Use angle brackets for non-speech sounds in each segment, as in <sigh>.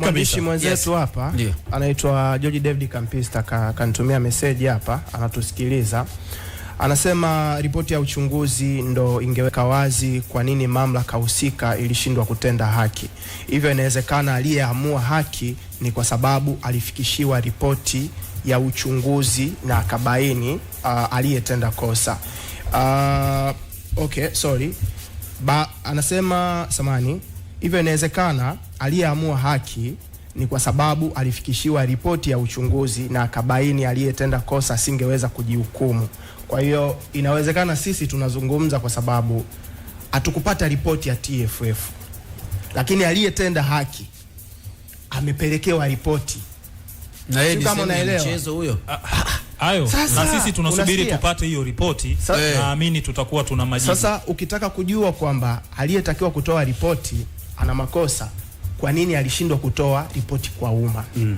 Mwandishi mwenzetu yes. hapa yeah. anaitwa George David Kampista kanitumia meseji hapa, anatusikiliza anasema ripoti ya uchunguzi ndo ingeweka wazi kwa nini mamlaka husika ilishindwa kutenda haki. Hivyo inawezekana aliyeamua haki ni kwa sababu alifikishiwa ripoti ya uchunguzi na akabaini uh, aliyetenda kosa uh, okay, sorry ba, anasema samani Hivyo inawezekana aliyeamua haki ni kwa sababu alifikishiwa ripoti ya uchunguzi na akabaini aliyetenda kosa asingeweza kujihukumu. Kwa hiyo inawezekana sisi tunazungumza kwa sababu hatukupata ripoti ya TFF, lakini aliyetenda haki amepelekewa ripoti na yeye ni mchezo huyo ah, ah, ah, hayo na sisi tunasubiri tupate hiyo ripoti. Naamini tutakuwa tuna majibu. Sasa ukitaka kujua kwamba aliyetakiwa kutoa ripoti ana makosa, kwa nini alishindwa kutoa ripoti kwa umma? mm.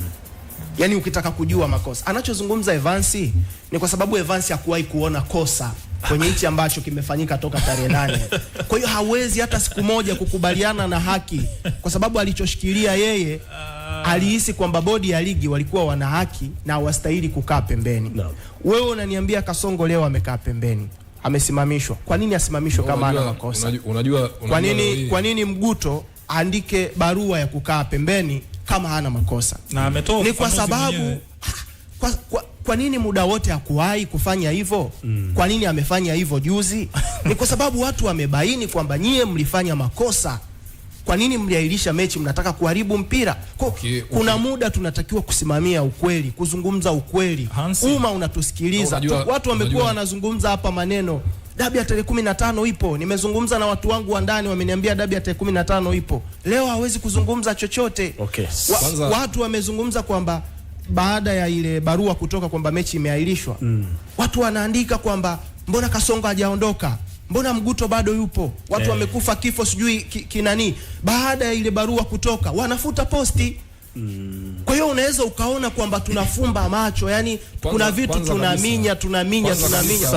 Yaani ukitaka kujua makosa anachozungumza Evansi ni kwa sababu Evansi hakuwahi kuona kosa kwenye hichi ambacho kimefanyika toka tarehe nane. <laughs> Kwa hiyo hawezi hata siku moja kukubaliana na haki, kwa sababu alichoshikilia yeye ah. alihisi kwamba bodi ya ligi walikuwa wana haki na wastahili kukaa pembeni no. Wewe unaniambia Kasongo leo amekaa pembeni, amesimamishwa. Kwa nini asimamishwe kama ana makosa? Unajua, unajua, unajua, kwa nini, kwa nini Mguto aandike barua ya kukaa pembeni kama hana makosa na ametoa ni kwa sababu <laughs> kwa, kwa, kwa nini muda wote hakuwahi kufanya hivyo mm? Kwa nini amefanya hivyo juzi? <laughs> Ni kwa sababu watu wamebaini kwamba nyie mlifanya makosa. Kwa nini mliahirisha mechi? Mnataka kuharibu mpira kwa, okay, okay. Kuna muda tunatakiwa kusimamia ukweli, kuzungumza ukweli. Umma unatusikiliza, watu wamekuwa wanazungumza hapa maneno dabi ya tarehe kumi na tano ipo. Nimezungumza na watu wangu wa ndani, wameniambia dabi ya tarehe kumi na tano ipo. Leo hawezi kuzungumza chochote okay. Wa, watu wamezungumza kwamba baada ya ile barua kutoka kwamba mechi imeahirishwa mm. watu wanaandika kwamba mbona Kasongo hajaondoka mbona Mguto bado yupo, watu hey. Eh. wamekufa kifo sijui ki, kinani. Baada ya ile barua kutoka, wanafuta posti Mm. Kwa hiyo unaweza ukaona kwamba tunafumba macho, yani kwanza, kuna vitu tunaminya tunaminya tunaminya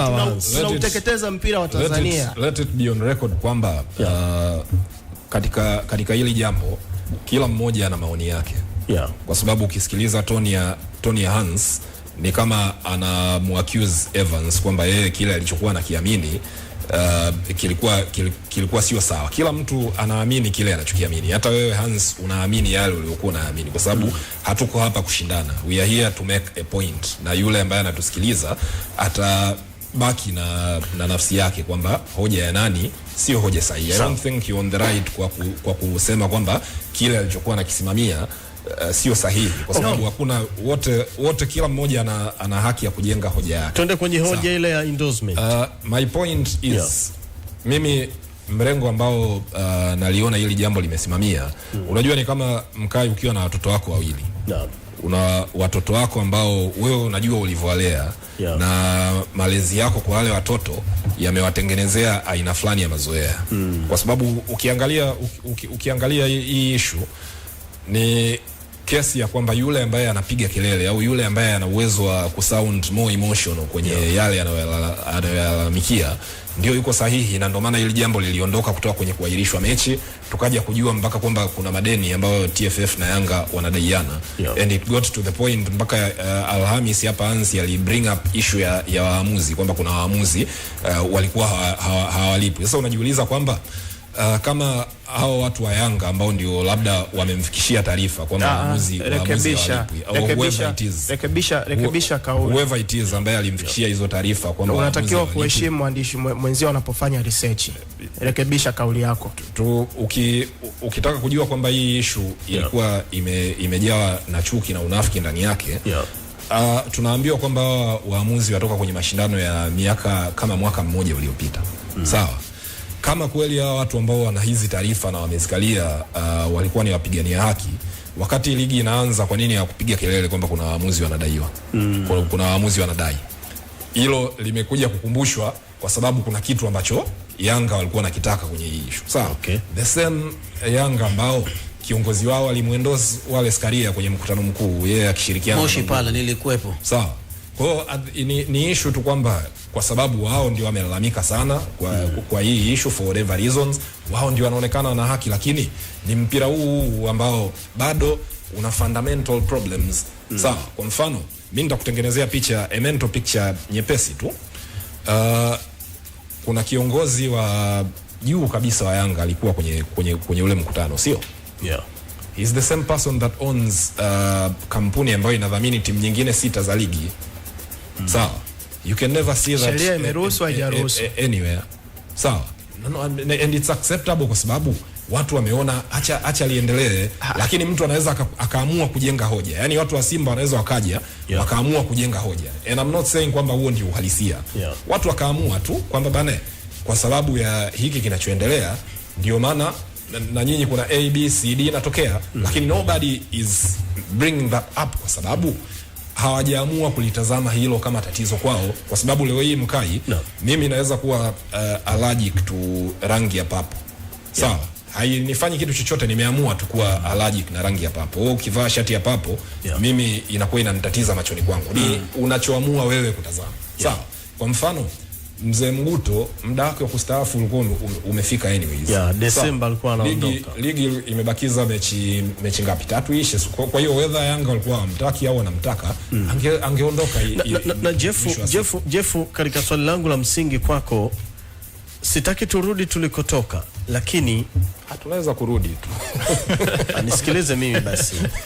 tunauteketeza mpira wa Tanzania. Let it, let it be on record kwamba yeah. uh, katika, katika hili jambo kila mmoja ana maoni yake yeah. Kwa sababu ukisikiliza toni ya toni ya Hans ni kama anamwaccuse Evans kwamba yeye kile alichokuwa anakiamini Uh, kilikuwa kilikuwa sio sawa. Kila mtu anaamini kile anachokiamini. Hata wewe Hans unaamini yale uliokuwa unaamini, kwa sababu hatuko hapa kushindana, we are here to make a point, na yule ambaye anatusikiliza ata baki na, na nafsi yake kwamba hoja ya nani sio hoja sahihi. I don't think you on the right kwa, ku, kwa kusema kwamba kile alichokuwa anakisimamia uh, sio sahihi kwa sababu hakuna wote wote, kila mmoja ana, ana haki ya kujenga hoja yake. Twende kwenye hoja ile ya endorsement. Uh, my point is yeah. Mimi mrengo ambao uh, naliona hili jambo limesimamia mm. Unajua, ni kama mkai ukiwa na watoto wako wawili yeah. Una watoto wako ambao wewe unajua ulivyowalea yeah. Na malezi yako kwa wale watoto yamewatengenezea aina fulani ya mazoea mm. Kwa sababu ukiangalia uki, ukiangalia hii issue ni kesi ya kwamba yule ambaye anapiga kelele au yule ambaye ana uwezo wa kusound more emotional kwenye yeah, yale anayolalamikia ndio yuko sahihi, na ndio maana hili jambo liliondoka kutoka kwenye kuahirishwa mechi, tukaja kujua mpaka kwamba kuna madeni ambayo TFF na Yanga wanadaiana yeah. And it got to the point mpaka uh, Alhamis hapa Ansi ali bring up issue ya, ya waamuzi kwamba kuna waamuzi uh, walikuwa hawalipwi hawa, hawa. Sasa unajiuliza kwamba Uh, kama hao watu wa Yanga ambao ndio labda wamemfikishia taarifa kwamba ah, ah, waamuzi rekebisha rekebisha rekebisha rekebisha kauli, whoever it is ambaye alimfikishia hizo taarifa kwa kwamba unatakiwa kuheshimu mwandishi mwenzio anapofanya research. Rekebisha kauli yako tu, uki, ukitaka kujua kwamba hii issue ilikuwa yeah, ime, imejawa na chuki na unafiki ndani yake yeah. Uh, tunaambiwa kwamba waamuzi watoka kwenye mashindano ya miaka kama mwaka mmoja uliopita mm. Sawa kama kweli hawa watu ambao wana hizi taarifa na wamezikalia uh, walikuwa ni wapigania haki wakati ligi inaanza, kwa nini hakupiga kelele kwamba kuna waamuzi wanadaiwa? mm. Kuna, kuna waamuzi wanadai. Hilo limekuja kukumbushwa kwa sababu kuna kitu ambacho Yanga walikuwa nakitaka kwenye hii issue sawa. okay. the same Yanga ambao kiongozi wao alimwendoza wale Skaria kwenye mkutano mkuu yeye, yeah, akishirikiana Moshi pale nilikuwepo, sawa kwa hiyo ni, ni issue tu kwamba kwa sababu wao ndio wamelalamika sana kwa, mm. kwa hii issue for whatever reasons, wao ndio wanaonekana wana haki, lakini ni mpira huu ambao bado una fundamental problems mm. Sawa, kwa mfano mimi nitakutengenezea picha a mental picture nyepesi tu uh, kuna kiongozi wa juu kabisa wa Yanga alikuwa kwenye kwenye kwenye ule mkutano, sio? Yeah. He's the same person that owns uh, kampuni ambayo inadhamini timu nyingine sita za ligi sawa you can never see that sheria eh, imeruhusu eh, eh, haijaruhusu anywhere sawa no, no, and it's acceptable kwa sababu watu wameona acha acha liendelee, ah. lakini mtu anaweza akaamua kujenga hoja. Yani watu wa Simba wanaweza wakaja yeah. wakaamua kujenga hoja, and I'm not saying kwamba huo ndio uhalisia yeah. watu wakaamua tu kwamba bane, kwa sababu ya hiki kinachoendelea ndio maana na, na nyinyi kuna A B C D inatokea mm. lakini nobody is bringing that up kwa sababu mm hawajaamua kulitazama hilo kama tatizo kwao, kwa sababu leo hii mkai no. mimi naweza kuwa uh, allergic to rangi ya papo sawa yeah. Hainifanyi kitu chochote, nimeamua tu kuwa allergic na rangi ya papo. Wewe ukivaa shati ya papo yeah. mimi inakuwa inanitatiza machoni kwangu. Ni mm. unachoamua wewe kutazama yeah. sawa. Kwa mfano Mzee Mguto muda wake wa kustaafu ulikuwa umefika anyways. Yeah, Desemba alikuwa anaondoka. Ligi, ligi imebakiza mechi mechi ngapi? Tatu ishe. Kwa hiyo whether Yanga walikuwa wamtaki au wanamtaka, mm. ange, angeondoka. Na, na, na, na Jeff, Jeff, Jeff, katika swali langu la msingi kwako sitaki turudi tulikotoka, lakini tunaweza kurudi tu. <laughs> Ah, nisikilize mimi basi. <laughs>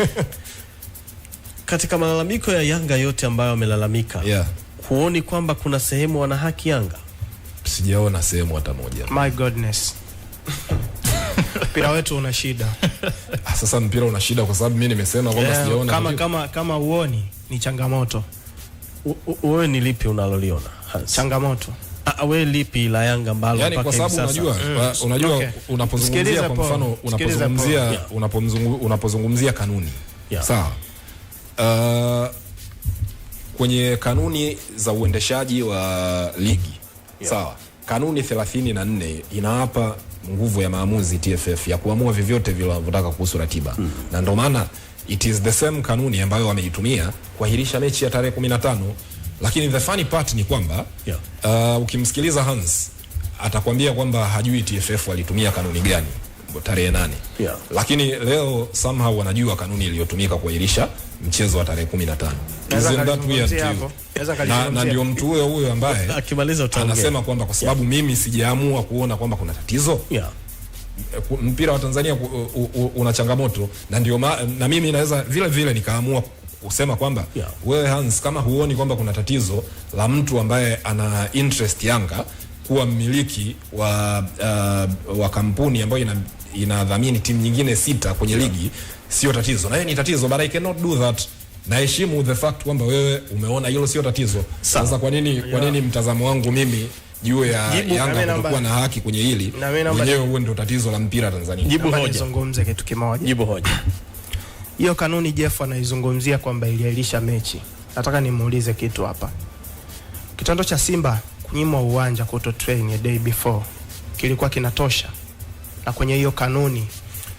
Katika malalamiko ya Yanga yote ambayo amelalamika. Yeah huoni kwamba kuna sehemu wana haki Yanga? Sijaona sehemu hata moja. My goodness mpira wetu una shida ah, sasa. Mpira una shida kwa sababu mimi nimesema kwamba yeah, sijaona kama, mpira. kama, kama uoni ni changamoto. Wewe ni lipi unaloliona changamoto? Wewe lipi la Yanga ambalo yani, mpaka hivi sasa unajua, mm, kwa, unajua okay. Unapozungumzia kwa mfano unapozungumzia unapozungumzia yeah. Unapozungumzia kanuni yeah. Sawa uh, kwenye kanuni za uendeshaji wa ligi yeah. Sawa, kanuni 34 inawapa nguvu ya maamuzi TFF ya kuamua vyovyote vile wanavyotaka kuhusu ratiba mm. na ndio maana it is the same kanuni ambayo wameitumia kuahirisha mechi ya tarehe 15, lakini the funny part ni kwamba yeah. uh, ukimsikiliza Hans atakwambia kwamba hajui TFF walitumia kanuni gani tarehe nane yeah. Lakini leo somehow wanajua kanuni iliyotumika kuahirisha mchezo wa tarehe kumi na, na ndio mtu huyo huyo ambaye <laughs> anasema kwamba kwa sababu yeah. mimi sijaamua kuona kwamba kuna tatizo yeah. Mpira wa Tanzania una changamoto na ndio na mimi naweza vile vile nikaamua kusema kwamba yeah. wewe Hans, kama huoni kwamba kuna tatizo la mtu ambaye ana interest Yanga kuwa mmiliki wa, uh, wa kampuni ambayo ina inadhamini timu nyingine sita kwenye yeah. ligi sio tatizo, na hiyo ni tatizo, but I cannot do that. Naheshimu the fact kwamba wewe umeona hilo sio tatizo. Sasa kwa nini yeah. kwa nini mtazamo wangu mimi juu ya Yanga kutokuwa na haki kwenye hili wenyewe, huo ndio tatizo la mpira Tanzania. Jibu hoja, nizungumze kitu kimoja. Jibu hoja hiyo kanuni Jeff anaizungumzia kwamba iliailisha mechi. Nataka nimuulize kitu hapa, kitendo cha Simba kunyimwa uwanja kuto train a day before kilikuwa kinatosha? na kwenye hiyo kanuni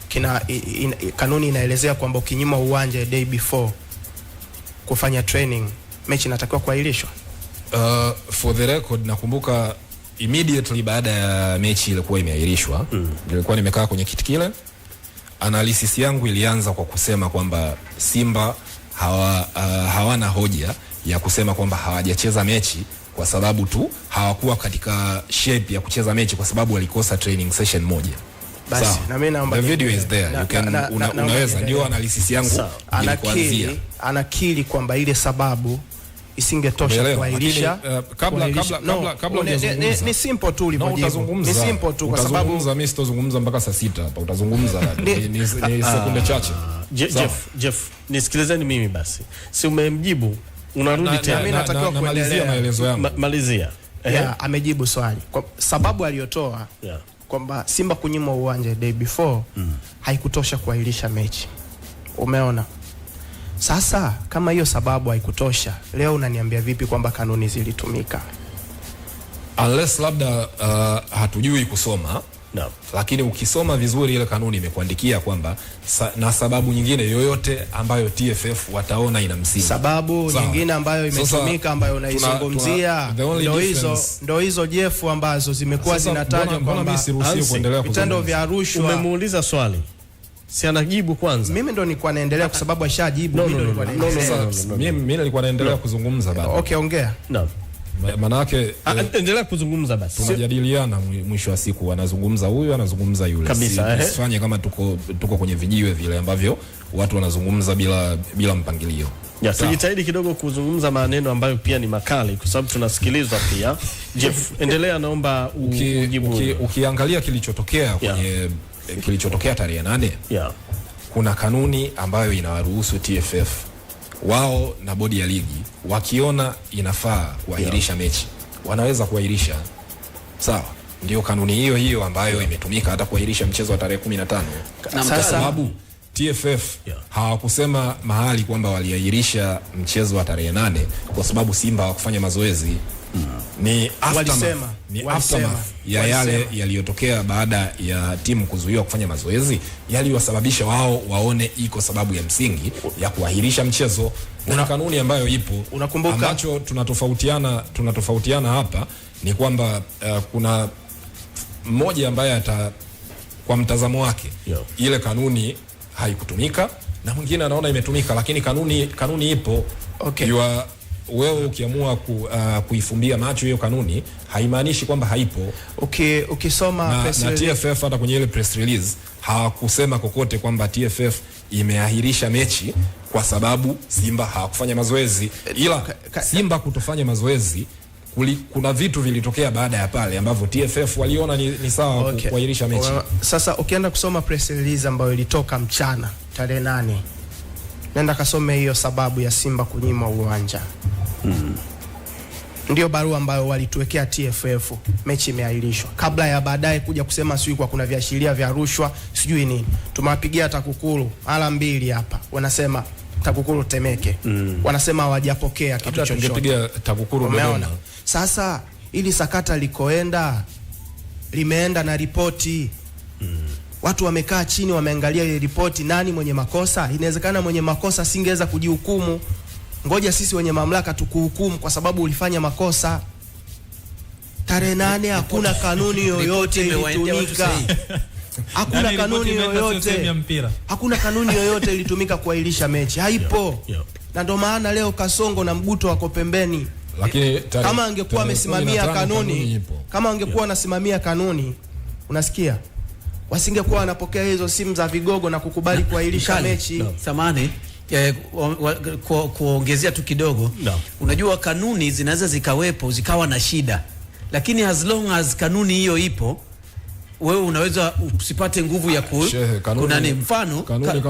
kina, in, kanuni inaelezea kwamba ukinyima uwanja a day before kufanya training mechi inatakiwa kuahirishwa. Uh, for the record nakumbuka immediately baada ya mechi ilikuwa imeahirishwa mm. Nilikuwa nimekaa kwenye kiti kile, analysis yangu ilianza kwa kusema kwamba Simba hawa, uh, hawana hoja ya kusema kwamba hawajacheza mechi kwa sababu tu hawakuwa katika shape ya kucheza mechi kwa sababu walikosa training session moja anakili kwamba ile sababu isingetosha kuahirisha. Uh, sababu mpaka saa sita hapa, utazungumza <laughs> ah. sekunde chache. Jeff Jeff, nisikilizeni mimi basi, si umemjibu, unarudi tena. Mimi natakiwa maelezo yangu, malizia. Yeah, amejibu swali kwa sababu aliyotoa yeah kwamba Simba kunyimwa uwanja day before mm. haikutosha kuahirisha mechi. Umeona? Sasa kama hiyo sababu haikutosha, leo unaniambia vipi kwamba kanuni zilitumika? Unless labda uh, hatujui kusoma No. Lakini ukisoma vizuri ile kanuni imekuandikia kwamba sa, na sababu nyingine yoyote ambayo TFF wataona ina msingi. Sababu Sama. nyingine ambayo imetumika ambayo unaizungumzia ndio hizo ndio hizo jefu ambazo zimekuwa zinatajwa kwamba vitendo vya rushwa. Umemuuliza swali si anajibu kwanza. Mimi ndo nilikuwa naendelea kwa sababu ashajibu. Mimi nilikuwa naendelea kuzungumza bado. Okay, ongea. Naam. Manake ah, eh, endelea kuzungumza basi. Tunajadiliana mwisho wa siku, anazungumza huyu, anazungumza yule. Kabisa, si, eh. sifanye kama tuko tuko kwenye vijiwe vile ambavyo watu wanazungumza bila bila mpangilio. Yes, tujitahidi kidogo kuzungumza maneno ambayo pia ni makali kwa sababu tunasikilizwa pia. Jeff, endelea naomba ujibu. Uki, uki, ukiangalia kilichotokea kwenye yeah. kilichotokea tarehe nane yeah. kuna kanuni ambayo inawaruhusu TFF wao na bodi ya ligi wakiona inafaa kuahirisha yeah, mechi wanaweza kuahirisha, sawa. Ndio kanuni hiyo hiyo ambayo imetumika hata kuahirisha mchezo wa tarehe 15 kwa sababu TFF yeah, hawakusema mahali kwamba waliahirisha mchezo wa tarehe nane kwa sababu Simba hawakufanya mazoezi ni aftermath, ni aftermath ya yale yaliyotokea baada ya timu kuzuiwa kufanya mazoezi yaliwasababisha wao waone iko sababu ya msingi ya kuahirisha mchezo una, kanuni ambayo ipo. Unakumbuka ambacho tunatofautiana tunatofautiana hapa ni kwamba uh, kuna mmoja ambaye ata kwa mtazamo wake yeah, ile kanuni haikutumika na mwingine anaona imetumika, lakini kanuni kanuni ipo okay. you are wewe ukiamua ku, uh, kuifumbia macho hiyo kanuni haimaanishi kwamba haipo. Okay, ukisoma na, press na TFF hata kwenye ile press release hawakusema kokote kwamba TFF imeahirisha mechi kwa sababu Simba hawakufanya mazoezi, eh, ila Simba kutofanya mazoezi Kuli, kuna vitu vilitokea baada ya pale ambavyo TFF waliona ni, ni sawa okay, kuahirisha mechi. Sasa ukienda kusoma press release ambayo ilitoka mchana tarehe nane nenda kasome hiyo sababu ya Simba kunyimwa uwanja mm. Ndio barua ambayo walituwekea TFF, mechi imeahirishwa, kabla ya baadaye kuja kusema sijui kwa kuna viashiria vya rushwa sijui nini. Tumewapigia TAKUKURU ala mbili hapa, wanasema TAKUKURU Temeke mm. wanasema hawajapokea kitu chochote. sasa, ili sakata likoenda limeenda na ripoti watu wamekaa chini, wameangalia ile ripoti, nani mwenye makosa? Inawezekana mwenye makosa singeweza kujihukumu, ngoja sisi wenye mamlaka tukuhukumu kwa sababu ulifanya makosa. Tarehe nane hakuna kanuni yoyote ilitumika, yaani hakuna kanuni yoyote, hakuna kanuni yoyote ilitumika kuahirisha mechi, haipo. Na ndio maana leo Kasongo na Mguto wako pembeni. Lakini kama angekuwa amesimamia kanuni, kama angekuwa anasimamia kanuni, unasikia wasingekuwa wanapokea hizo simu za vigogo na kukubali kuahirisha mechi no. Samani eh, kuongezea tu kidogo no. Unajua kanuni zinaweza zikawepo zikawa na shida, lakini as long as kanuni hiyo ipo wewe unaweza usipate nguvu ya ku kuna ni mfano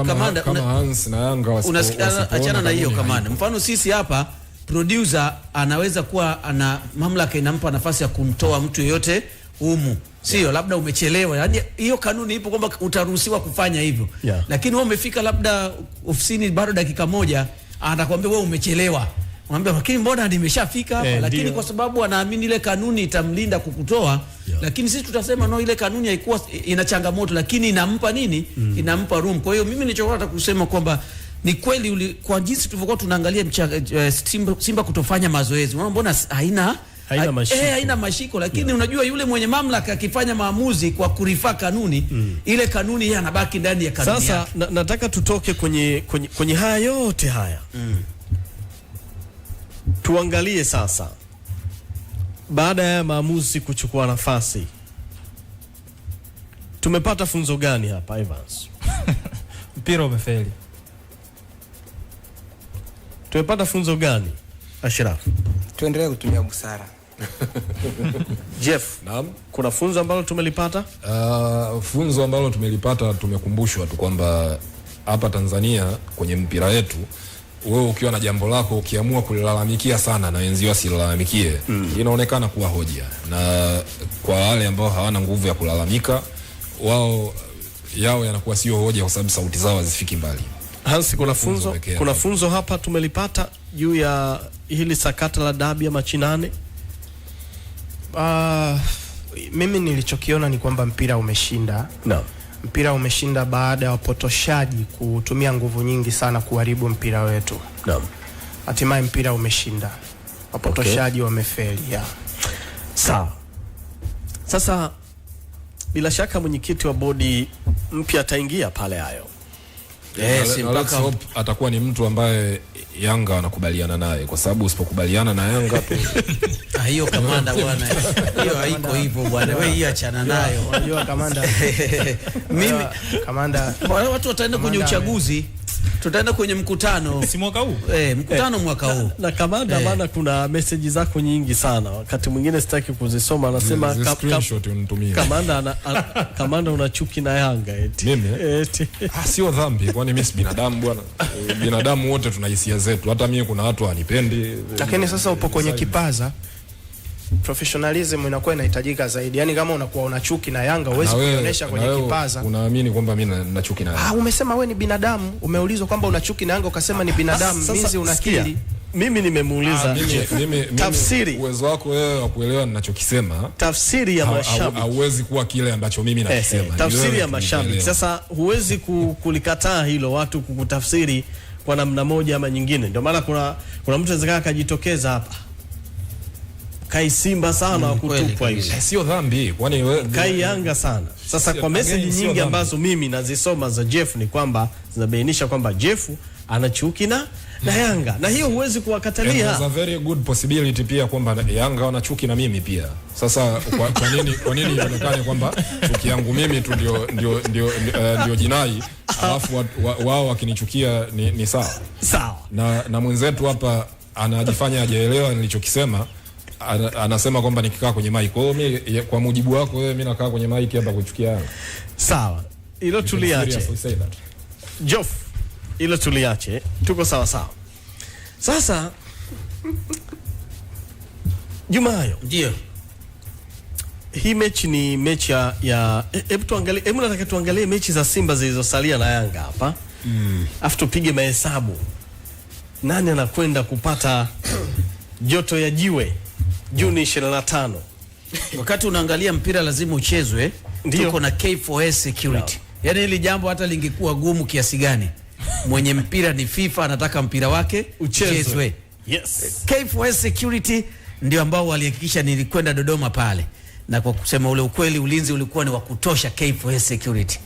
kamanda kama Hans na Yanga unasikia, achana na hiyo kamanda. Mfano sisi hapa producer anaweza kuwa ana mamlaka inampa nafasi ya kumtoa mtu yeyote humu sio? yeah. Labda umechelewa, yani hiyo kanuni ipo kwamba utaruhusiwa kufanya hivyo yeah. Lakini wewe umefika labda ofisini bado dakika moja, anakuambia wewe umechelewa, unamwambia lakini mbona nimeshafika hapa? yeah, lakini dio. Kwa sababu anaamini ile kanuni itamlinda kukutoa yeah. Lakini sisi tutasema no, ile kanuni haikuwa ina changamoto, lakini inampa nini? mm. Inampa room. Kwa hiyo mimi nilichotaka kusema kwamba ni kweli uli, kwa jinsi tulivyokuwa tunaangalia uh, Simba, Simba kutofanya mazoezi, unaona mbona haina haina eh, mashiko, eh, haina mashiko lakini yeah. Unajua yule mwenye mamlaka akifanya maamuzi kwa kurifa kanuni mm. Ile kanuni yeye anabaki ndani ya kanuni. Sasa na, nataka tutoke kwenye, kwenye, kwenye haya yote haya mm. Tuangalie sasa baada ya maamuzi kuchukua nafasi tumepata funzo gani hapa Evans? <laughs> Mpira umefeli. Tumepata funzo gani Ashraf? Tuendelee kutumia busara. <laughs> Jeff, naam, kuna funzo ambalo tumelipata? Uh, funzo ambalo tumelipata tumekumbushwa tu kwamba hapa Tanzania kwenye mpira wetu wewe ukiwa na jambo lako ukiamua kulilalamikia sana na wenzio asilalamikie, mm. inaonekana kuwa hoja, na kwa wale ambao hawana nguvu ya kulalamika, wao yao yanakuwa sio hoja, kwa sababu sauti zao hazifiki mbali. Hansi, kuna funzo, funzo kuna funzo hapa tumelipata juu ya hili sakata la dabi ya Machinane uh, mimi nilichokiona ni kwamba mpira umeshinda no. Mpira umeshinda baada ya wapotoshaji kutumia nguvu nyingi sana kuharibu mpira wetu no. Hatimaye mpira umeshinda, wapotoshaji okay. Wamefeli Sawa, sasa bila shaka mwenyekiti wa bodi mpya ataingia pale hayo yes, eh, na Hope atakuwa ni mtu ambaye Yanga wanakubaliana naye, kwa sababu usipokubaliana na Yanga tu <laughs> ah, hiyo kamanda bwana, hiyo haiko hivyo bwana, wewe hiyo achana nayo. Unajua kamanda, <laughs> mimi kamanda, watu wataenda kwenye uchaguzi tutaenda kwenye mkutano si mwaka huu eh, mkutano eh, mwaka huu na, na kamanda eh. kuna meseji zako nyingi sana, wakati mwingine sitaki kuzisoma. Anasema ka, ka, kamanda ana, a, <laughs> kamanda una chuki na Yanga eti mimi <laughs> eti ah, sio dhambi, kwani mimi si binadamu bwana? Eh, binadamu wote tuna hisia zetu, hata mimi kuna watu wanipendi, lakini sasa upo kwenye kipaza professionalism inakuwa inahitajika zaidi. Yaani kama unakuwa una chuki na Yanga huwezi kuonyesha kwenye na kipaza. Unaamini kwamba mimi na na chuki na Yanga? Ah, umesema wewe ni binadamu, umeulizwa kwamba una chuki na Yanga ukasema ni binadamu, Mimi unakili. Mimi nimemuuliza ah, tafsiri. Uwezo wako wewe wa kuelewa ninachokisema, tafsiri ya mashabiki hauwezi kuwa kile ambacho mimi eh, nakisema, tafsiri ya mashabiki. Sasa huwezi kulikataa hilo, watu kukutafsiri kwa namna moja ama nyingine. Ndio maana kuna kuna mtu anaweza akajitokeza hapa kai Simba sana mm, kutupwa hivi eh, sio dhambi, kwani wewe kai Yanga sana. Sasa sio, kwa message nyingi ambazo mimi nazisoma za Jeff ni kwamba zinabainisha kwamba Jeff ana chuki na na mm. Yanga na hiyo huwezi kuwakatalia. There's a very good possibility pia kwamba Yanga wana chuki na mimi pia. Sasa kwa, kwa nini kwa nini ionekane kwamba chuki yangu mimi tu ndio ndio ndio, uh, ndio jinai alafu wao wa, wa, wakinichukia ni, ni sawa sawa, na, na mwenzetu hapa anajifanya hajaelewa nilichokisema anasema kwamba nikikaa kwenye mic. Kwa hiyo mimi kwa mujibu wako wewe, mimi nakaa kwenye mic hapa kuchukia Yanga. Sawa, Ilo tuliache. Jof, ilo tuliache, tuko sawa sawa. Sasa Jumayo, ndio hii mechi ni mechi ya, ya e, hebu tuangalie, hebu nataka tuangalie mechi za Simba zilizosalia na Yanga hapa mm. Afu tupige mahesabu nani anakwenda kupata joto ya jiwe Juni 25. <laughs> Wakati unaangalia mpira lazima uchezwe, tuko na K4S security. Yaani hili jambo hata lingekuwa gumu kiasi gani, mwenye mpira ni FIFA anataka mpira wake uchezwe. Yes. K4S security ndio ambao walihakikisha nilikwenda Dodoma pale, na kwa kusema ule ukweli, ulinzi ulikuwa ni wa kutosha. K4S security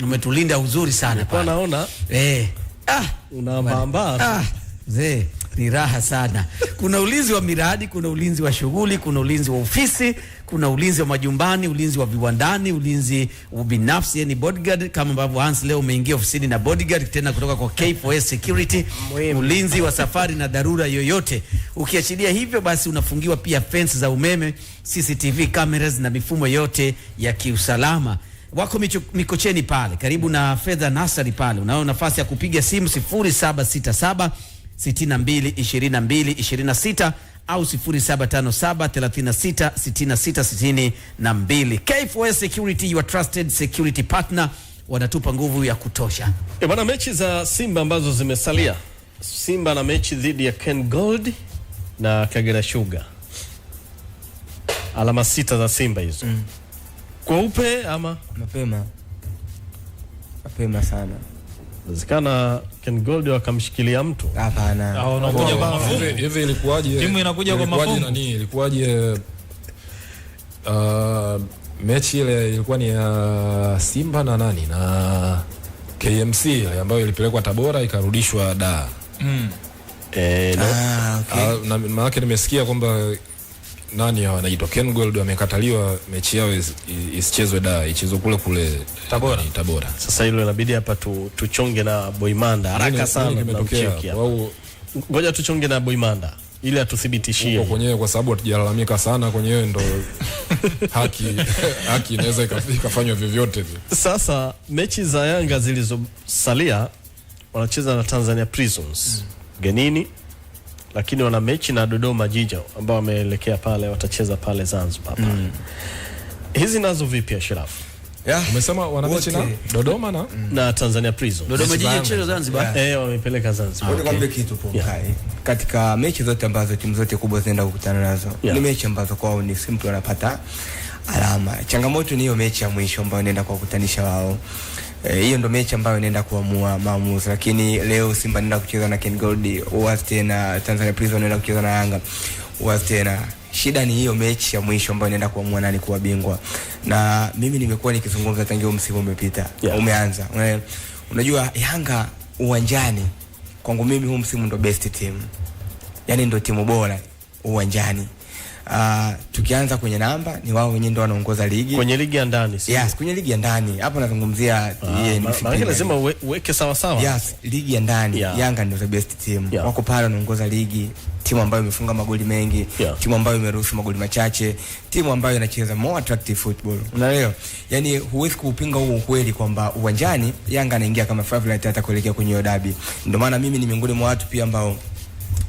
wametulinda uzuri sana pale. Naona eh, ah, unabamba ah, mzee ni raha sana. Kuna ulinzi wa miradi, kuna ulinzi wa shughuli, kuna ulinzi wa ofisi, kuna ulinzi wa majumbani, ulinzi wa viwandani, ulinzi binafsi, yani bodyguard, kama ambavyo Hans leo umeingia ofisini na bodyguard tena kutoka kwa K4S Security, ulinzi wa safari na dharura yoyote. Ukiachilia hivyo, basi unafungiwa pia fence za umeme, CCTV cameras na mifumo yote ya kiusalama wako Mikocheni pale karibu na Fedha Nasari pale, unao nafasi ya kupiga simu 0767 62 au 0757366662. 36 K4S Security, your trusted security partner, wanatupa nguvu ya kutosha. E eh, bana, mechi za Simba ambazo zimesalia, Simba na mechi dhidi ya Ken Gold na Kagera Sugar, alama sita za Simba hizo mm. kwa upe ama mapema mapema sana Inawezekana Ken Gold wakamshikilia mtu. Hapana. anakuja ah, kwa mafungu. Hivi ilikuwaje? Timu inakuja kwa mafungu. Nani ilikuwaje? Uh, mechi ile ilikuwa ni ya uh, Simba na nani na KMC ambayo ilipelekwa Tabora ikarudishwa da. Mm. Eh, no. Ah, okay. Uh, maana nimesikia kwamba nani hawa anaitwa Ken Gold amekataliwa mechi yao isichezwe da ichezwe kule kule Tabora. Nani, Tabora. Sasa hilo inabidi hapa tu, tuchonge na Boimanda haraka sana na mcheki wao, ngoja tuchonge na Boimanda ili atuthibitishie huko kwenyewe, kwa sababu hatujalalamika sana kwenyewe, ndo <laughs> haki haki inaweza ikafanywa vyovyote. Sasa mechi za Yanga zilizosalia wanacheza na Tanzania Prisons mm. genini lakini wana mechi na Dodoma Jija ambao wameelekea pale, watacheza pale Zanzibar pale. Mm. Hizi nazo vipi Ashrafu? Yeah. Umesema wana mechi na Dodoma na mm. na Tanzania Prison. Dodoma Jiji cheza Zanzibar. Eh, wamepeleka Zanzibar. kitu Katika mechi zote ambazo timu zote kubwa zinaenda kukutana nazo, yeah. Ni mechi ambazo kwao ni simple wanapata alama. Changamoto ni hiyo mechi ya mwisho ambayo inaenda kuwakutanisha wao. Eh, hiyo ndo mechi ambayo inaenda kuamua maamuzi, lakini leo Simba inaenda kucheza na Ken Gold Warriors tena, Tanzania Prison inaenda kucheza na Yanga Warriors tena. Shida ni hiyo mechi ya mwisho ambayo inaenda kuamua nani kuwa bingwa, na mimi nimekuwa nikizungumza tangu msimu umepita yeah. umeanza Una, unajua Yanga uwanjani kwangu mimi huu msimu ndo best team, yani ndo timu bora uwanjani Uh, tukianza kwenye namba ni wao wenyewe ndio wanaongoza ligi kwenye ligi ya ndani si? Yes, kwenye ligi ya ndani hapo nazungumzia ah, yeye, lazima uweke sawa sawa. Yes, ligi ya ndani yeah. Yanga ndio the best team yeah. Wako pale wanaongoza ligi, timu ambayo imefunga magoli mengi yeah. Timu ambayo imeruhusu magoli machache, timu ambayo inacheza more attractive football, unaelewa? Yani huwezi kupinga huo ukweli kwamba uwanjani Yanga anaingia kama favorite hata kuelekea kwenye hiyo dabi. Ndio maana mimi ni miongoni mwa watu pia ambao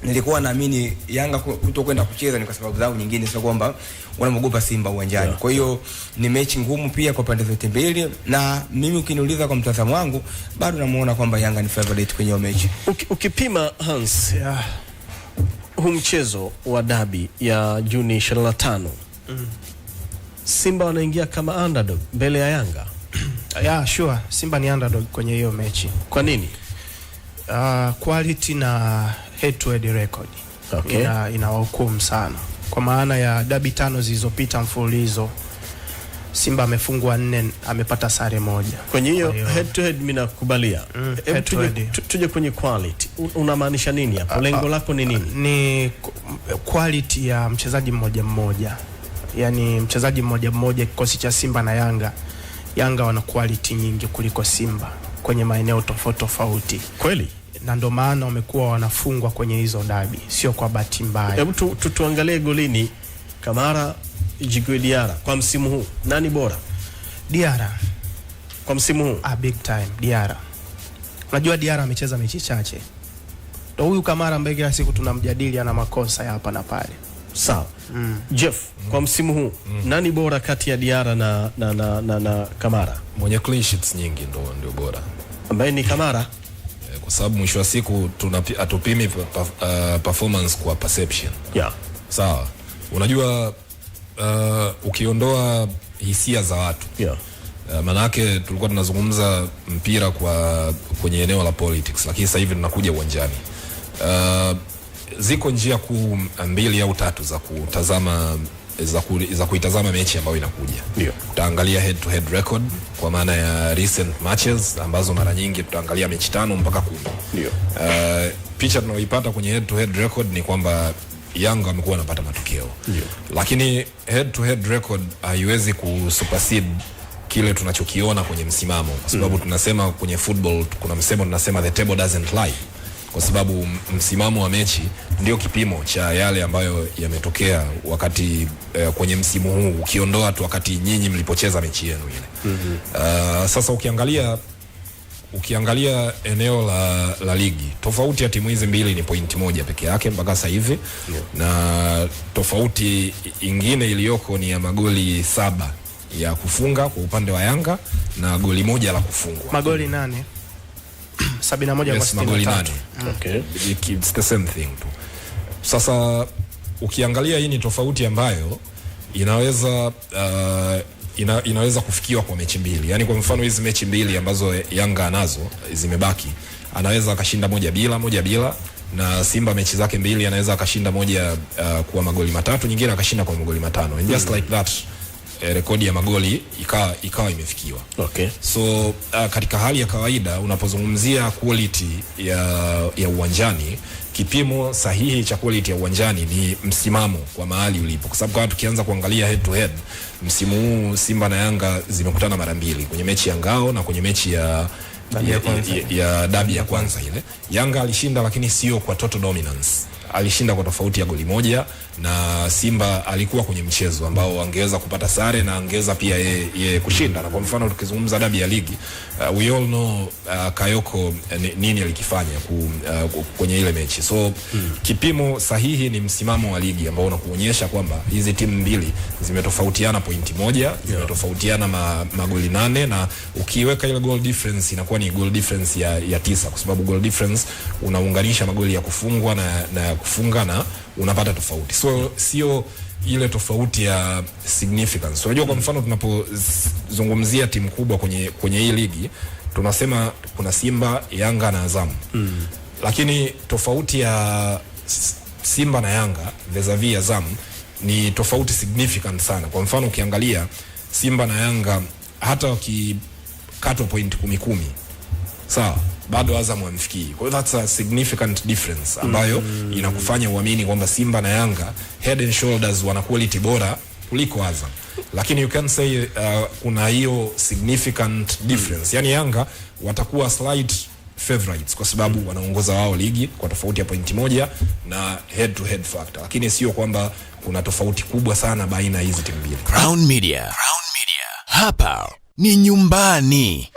nilikuwa naamini Yanga kutokwenda kucheza ni kwa sababu zao nyingine, sio kwamba wanamogopa Simba uwanjani yeah. Kwa hiyo ni mechi ngumu pia kwa pande zote mbili, na mimi ukiniuliza kwa mtazamo wangu bado namuona kwamba Yanga ni favorite kwenye mechi Uki, ukipima Hans yeah. huu mchezo wa dabi ya Juni 25 mm. Simba wanaingia kama underdog mbele ya Yanga <clears throat> yeah, sure. Simba ni underdog kwenye hiyo mechi. Kwa nini? Uh, quality na head to head record okay. ina, ina wahukumu sana kwa maana ya dabi tano zilizopita mfululizo Simba amefungwa nne, amepata sare moja. Kwenye hiyo head to head mimi nakubalia. Mm, tuje, Tuje kwenye quality. Unamaanisha nini hapo? Ah, Lengo ah, lako ni nini? Ni quality ya mchezaji mmoja mmoja, yaani mchezaji mmoja mmoja. Kikosi cha Simba na Yanga, Yanga wana quality nyingi kuliko Simba kwenye maeneo tofauti tofauti, kweli na ndio maana wamekuwa wanafungwa kwenye hizo dabi, sio kwa bahati mbaya. Hebu tu, tu, tuangalie golini Kamara Jigwe Diara kwa msimu huu nani bora? Diara kwa msimu huu ah, big time Diara. Unajua Diara amecheza mechi chache, ndio huyu Kamara ambaye kila siku tunamjadili ana makosa ya hapa na pale. Sawa. mm. Jeff, mm. kwa msimu huu mm. nani bora kati ya Diara na, na, na, na, na Kamara? Mwenye clean sheets nyingi ndo ndio bora ambaye ni Kamara kwa sababu mwisho wa siku hatupimi uh, pa, uh, performance kwa perception yeah. Sawa, unajua uh, ukiondoa hisia za watu yeah. Uh, maanake tulikuwa tunazungumza mpira kwa kwenye eneo la politics, lakini sasa hivi tunakuja uwanjani uh, ziko njia kuu mbili au tatu za kutazama za, ku, za kuitazama mechi ambayo inakuja yeah. Tutaangalia head to head record kwa maana ya recent matches ambazo mara nyingi tutaangalia mechi tano mpaka kumi Uh, picha tunaoipata kwenye head to head record ni kwamba Yanga wamekuwa wanapata matokeo Lakini head to head record haiwezi kusupersede kile tunachokiona kwenye msimamo kwa sababu mm. tunasema kwenye football kuna msemo tunasema the table doesn't lie kwa sababu msimamo wa mechi ndio kipimo cha yale ambayo yametokea wakati eh, kwenye msimu huu ukiondoa tu wakati nyinyi mlipocheza mechi yenu ile. mm -hmm. Uh, sasa ukiangalia ukiangalia eneo la, la ligi tofauti ya timu hizi mbili ni pointi moja peke yake mpaka sasa hivi yeah. Na tofauti ingine iliyoko ni ya magoli saba ya kufunga kwa upande wa Yanga na goli moja la kufungwa, magoli nane Mm. Sasa ukiangalia hii ni tofauti ambayo inaweza uh, ina, inaweza kufikiwa kwa mechi mbili. yani kwa mfano hizi mechi mbili ambazo Yanga anazo zimebaki, anaweza akashinda moja bila moja bila na Simba mechi zake mbili anaweza akashinda moja uh, kwa magoli matatu, nyingine akashinda kwa magoli matano. And just mm. like that eh, rekodi ya magoli ikawa ikawa imefikiwa. Okay. So uh, katika hali ya kawaida unapozungumzia quality ya ya uwanjani kipimo sahihi cha quality ya uwanjani ni msimamo kwa mahali ulipo, kwa sababu kama tukianza kuangalia head to head, msimu huu Simba na Yanga zimekutana mara mbili, kwenye mechi ya ngao na kwenye mechi ya dabi ya, ya, ya, ya ya kwanza ile Yanga alishinda, lakini sio kwa total dominance alishinda kwa tofauti ya goli moja na Simba alikuwa kwenye mchezo ambao angeweza kupata sare na angeweza pia ye, ye kushinda. Na kwa mfano tukizungumza dabi ya ligi uh, we all know uh, Kayoko uh, nini alikifanya ku, uh, kwenye ile mechi so hmm. Kipimo sahihi ni msimamo wa ligi ambao unakuonyesha kwamba hizi timu mbili zimetofautiana pointi moja, zimetofautiana ma, magoli nane na ukiweka ile goal difference inakuwa ni goal difference ya, ya tisa kwa sababu goal difference unaunganisha magoli ya kufungwa na, na kufunga na unapata tofauti, so sio ile tofauti ya significance. Unajua, kwa mfano tunapozungumzia timu kubwa kwenye, kwenye hii ligi tunasema kuna Simba, Yanga na Azamu mm. Lakini tofauti ya Simba na Yanga vezavi a Azamu ni tofauti significant sana. Kwa mfano ukiangalia Simba na Yanga hata wakikatwa point kumi kumi, sawa bado Azam hamfikii. Kwa hiyo that's a significant difference ambayo mm. inakufanya uamini kwamba Simba na Yanga head and shoulders wana quality bora kuliko Azam, lakini you can say uh, kuna hiyo significant difference mm. yani Yanga watakuwa slight favorites kwa sababu mm. wanaongoza wao ligi kwa tofauti ya pointi moja na head to head factor, lakini sio kwamba kuna tofauti kubwa sana baina ya hizi timu mbili. Crown Media. Crown Media. Hapa ni nyumbani.